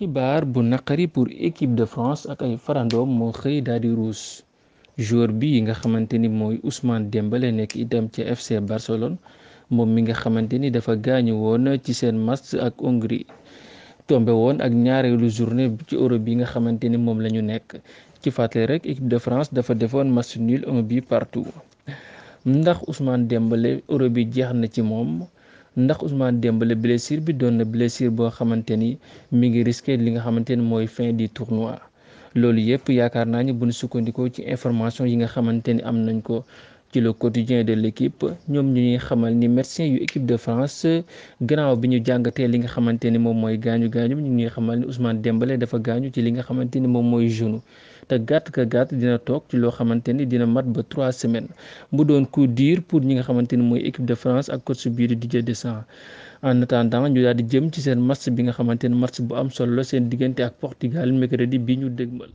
xibaar bu naqari pour équipe de France ak ay farandoom moo xëy daal di ruus joueur bi nga xamante ni mooy Ousmane Dembélé nekk itam ca FC Barcelone moom mi nga xamante ni dafa gaañu woon ci seen match ak Hongrie tombe woon ak ñaareelu journée ci Europe yi nga xamante ni moom la ñu nekk ci fàttali rek équipe de France dafa defoon match nul un bi partout ndax Ousmane Dembélé Europe bi jeex na ci moom. ndax Ousmane Dembélé blessure bi doon na blessure boo xamante ni mi ngi risqué li nga xamante ni mooy fin du tournoi loolu yëpp yaakaar naa ni buñ sukkandikoo ci information yi nga xamante ni am nañ ko ci le quotidien de l'équipe ñoom ñu ñuy xamal ni médecin yu équipe de France gannaaw bi ñu jàngatee li nga xamante ni moom mooy gaañu gaañu ñu nga xamal ni Ousmane Dembélé dafa gaañu ci li nga xamante ni moom mooy genou te gàtt ka gàtt dina toog ci loo xamante ni dina mat ba trois semaines mu doon coup diir pour ñi nga xamante ni mooy équipe de France ak coach bii di Didier Deschamps en attendant ñu daal di jëm ci seen match bi nga xamante ni match bu am solo la seen diggante ak Portugal mercredi bi ñu dégmal.